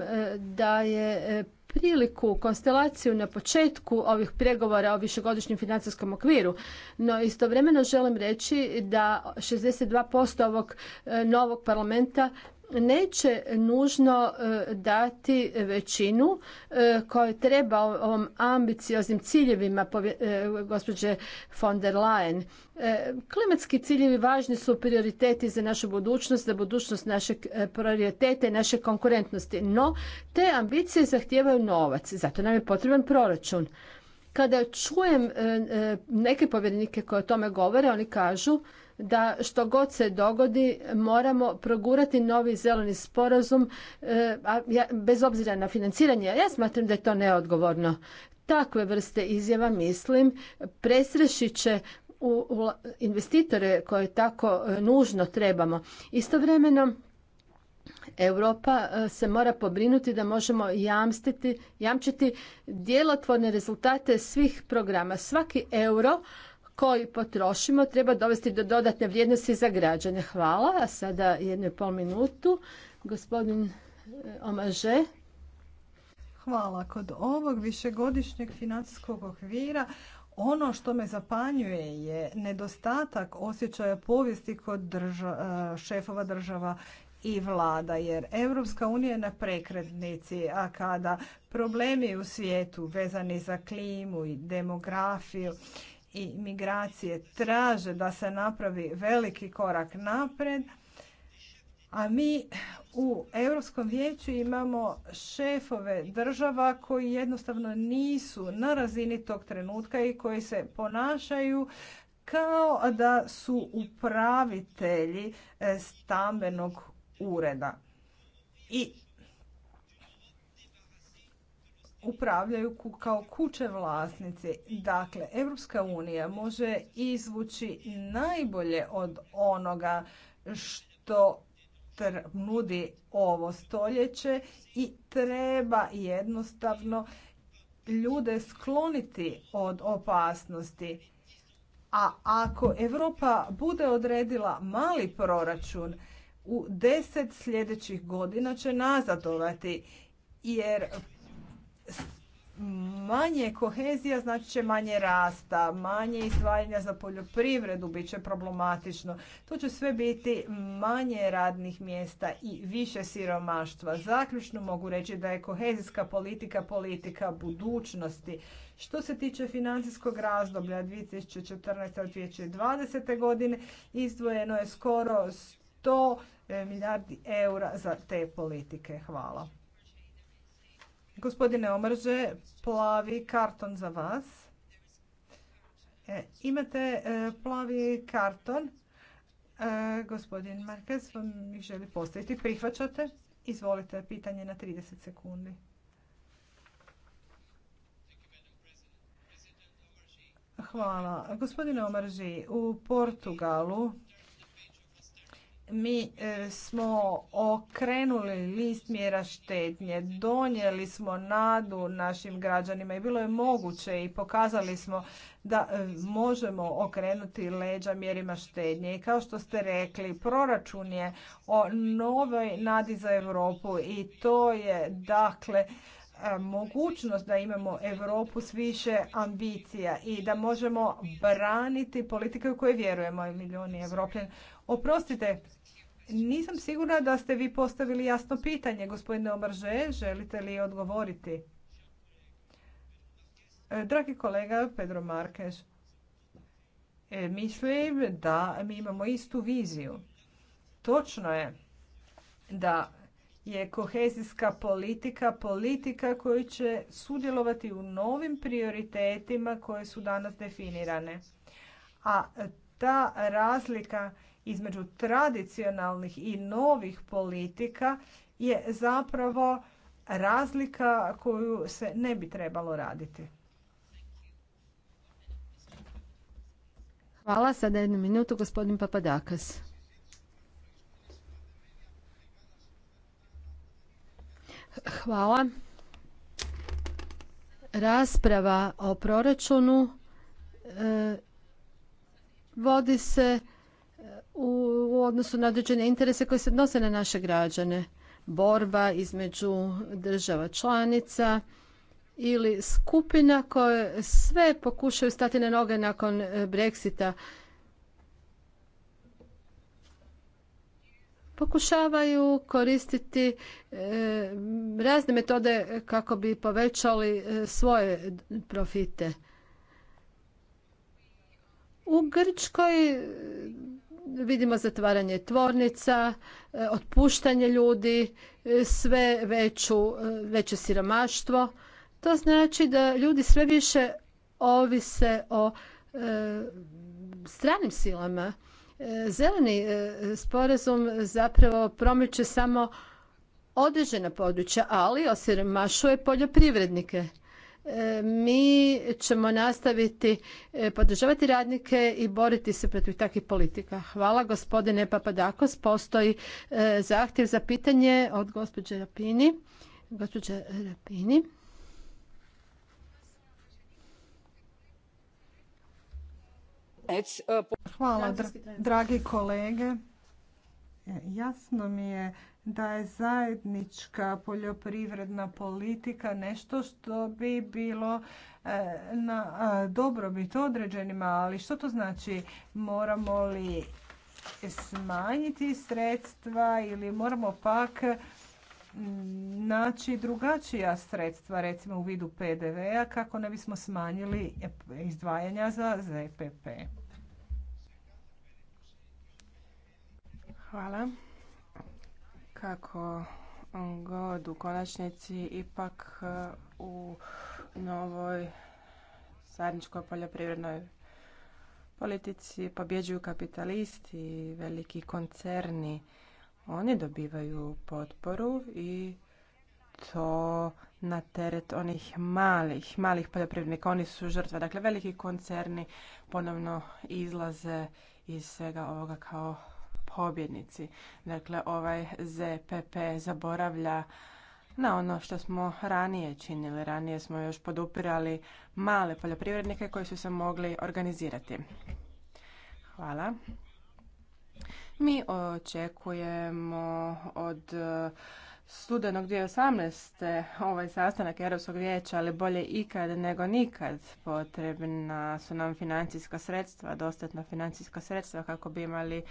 S2: daje priliku, konstelaciju na početku ovih pregovora o višegodišnjem financijskom okviru, no istovremeno želim reći da 62% ovog e, novog parlamenta neće nužno e, dati većinu e, koja treba ovom ambicioznim ciljevima e, gospođe von der Leyen. Klimatski ciljevi važni su prioriteti za našu budućnost, za budućnost naše prioriteta i naše konkurentnosti. No, te ambicije zahtijevaju novac, zato nam je potreban proračun. Kada čujem neke povjerenike koje o tome govore, oni kažu da što god se dogodi moramo progurati novi zeleni sporazum e, bez obzira na financiranje. Ja smatram da je to neodgovorno. Takve vrste izjava, mislim, presrešit će u investitore koje tako e, nužno trebamo. Istovremeno, Europa e, se mora pobrinuti da možemo jamčiti djelotvorne rezultate svih programa. Svaki euro koji potrošimo treba dovesti do dodatne vrijednosti za građane. Hvala. A sada jednu i pol minutu. Gospodin eh, Omaže. Hvala. Kod ovog višegodišnjeg financijskog
S1: okvira ono što me zapanjuje je nedostatak osjećaja povijesti kod eh, šefova država i vlada, jer Europska unija je na prekretnici, a kada problemi u svijetu vezani za klimu i demografiju i migracije traže da se napravi veliki korak napred, a mi u Europskom vijeću imamo šefove država koji jednostavno nisu na razini tog trenutka i koji se ponašaju kao da su upravitelji e, stambenog ureda. I upravljaju kao kuće vlasnici. Dakle, Europska unija može izvući najbolje od onoga što nudi ovo stoljeće i treba jednostavno ljude skloniti od opasnosti. A ako Europa bude odredila mali proračun, u deset sljedećih godina će nazadovati jer manje kohezija znači će manje rasta, manje izdvajanja za poljoprivredu bit će problematično. To će sve biti manje radnih mjesta i više siromaštva. Zaključno mogu reći da je kohezijska politika politika budućnosti. Što se tiče financijskog razdoblja 2014-2020. godine izdvojeno je skoro 100 e, milijardi eura za te politike. Hvala. Gospodine Omrže, plavi karton za vas. E, imate e, plavi karton. E, gospodin Marquez vam ih želi postaviti. Prihvaćate? Izvolite pitanje na 30 sekundi. Hvala. Gospodine omrži, u Portugalu mi e, smo okrenuli list mjera štednje, donijeli smo nadu našim građanima i bilo je moguće i pokazali smo da e, možemo okrenuti leđa mjerima štednje. I kao što ste rekli, proračun je o novoj nadi za Europu i to je dakle e, mogućnost da imamo Europu s više ambicija i da možemo braniti politike u koje vjerujemo milijuni Evropljen. Oprostite, nisam sigurna da ste vi postavili jasno pitanje, gospodine Omarže, želite li odgovoriti? E, dragi kolega Pedro Markeš, e, mislim da mi imamo istu viziju. Točno je da je kohezijska politika politika koju će sudjelovati u novim prioritetima koje su danas definirane. A ta razlika između tradicionalnih i novih politika je zapravo razlika koju se ne bi trebalo raditi.
S2: Hvala. Sada jednu minutu, gospodin Papadakas. Hvala. Rasprava o proračunu e, vodi se u odnosu na određene interese koji se odnose na naše građane. Borba između država članica ili skupina koje sve pokušaju stati na noge nakon e, Brexita. Pokušavaju koristiti e, razne metode kako bi povećali e, svoje profite. U Grčkoj vidimo zatvaranje tvornica, e, otpuštanje ljudi, e, sve e, veće siromaštvo. To znači da ljudi sve više ovise o stranim silama. Zeleni sporazum zapravo promiče samo određena područja, ali osiromašuje poljoprivrednike mi ćemo nastaviti e, podržavati radnike i boriti se protiv takvih politika. Hvala gospodine Papadakos. Postoji e, zahtjev za pitanje od gospođe Rapini. gospođe Rapini. Hvala, dragi
S1: kolege. E, jasno mi je da je zajednička poljoprivredna politika nešto što bi bilo e, na dobrobit određenima, ali što to znači? Moramo li smanjiti sredstva ili moramo pak naći drugačija sredstva, recimo u vidu PDV-a, kako ne bismo smanjili izdvajanja za ZPP.
S3: Hvala. Ako god u konačnici ipak e, u novoj zajedničkoj poljoprivrednoj politici pobjeđuju kapitalisti veliki koncerni oni dobivaju potporu i to na teret onih malih, malih poljoprivrednika. Oni su žrtve. Dakle, veliki koncerni ponovno izlaze iz svega ovoga kao pobjednici. Dakle, ovaj ZPP zaboravlja na ono što smo ranije činili. Ranije smo još podupirali male poljoprivrednike koji su se mogli organizirati. Hvala. Mi očekujemo od studenog 2018. ovaj sastanak Europskog vijeća, ali bolje ikad nego nikad. Potrebna su nam financijska sredstva, dostatna financijska sredstva kako bi imali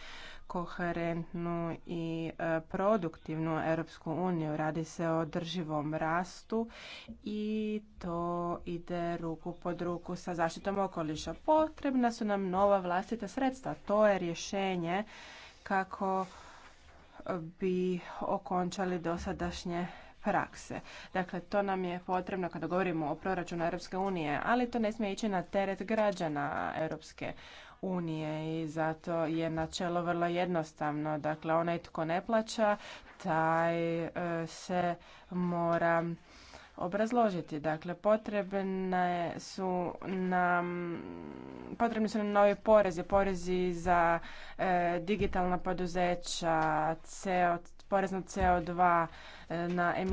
S3: koherentnu i e, produktivnu Europsku uniju. Radi se o drživom rastu i to ide ruku pod ruku sa zaštitom okoliša. Potrebna su nam nova vlastita sredstva. To je rješenje kako bi okončali dosadašnje prakse. Dakle, to nam je potrebno kada govorimo o proračunu Europske unije, ali to ne smije ići na teret građana Europske unije i zato je načelo vrlo jednostavno. Dakle, onaj tko ne plaća, taj e, se mora obrazložiti. Dakle, potrebne su nam, potrebni su nam novi porezi, porezi za e, digitalna poduzeća, CO, porez na CO2, e, na emisiju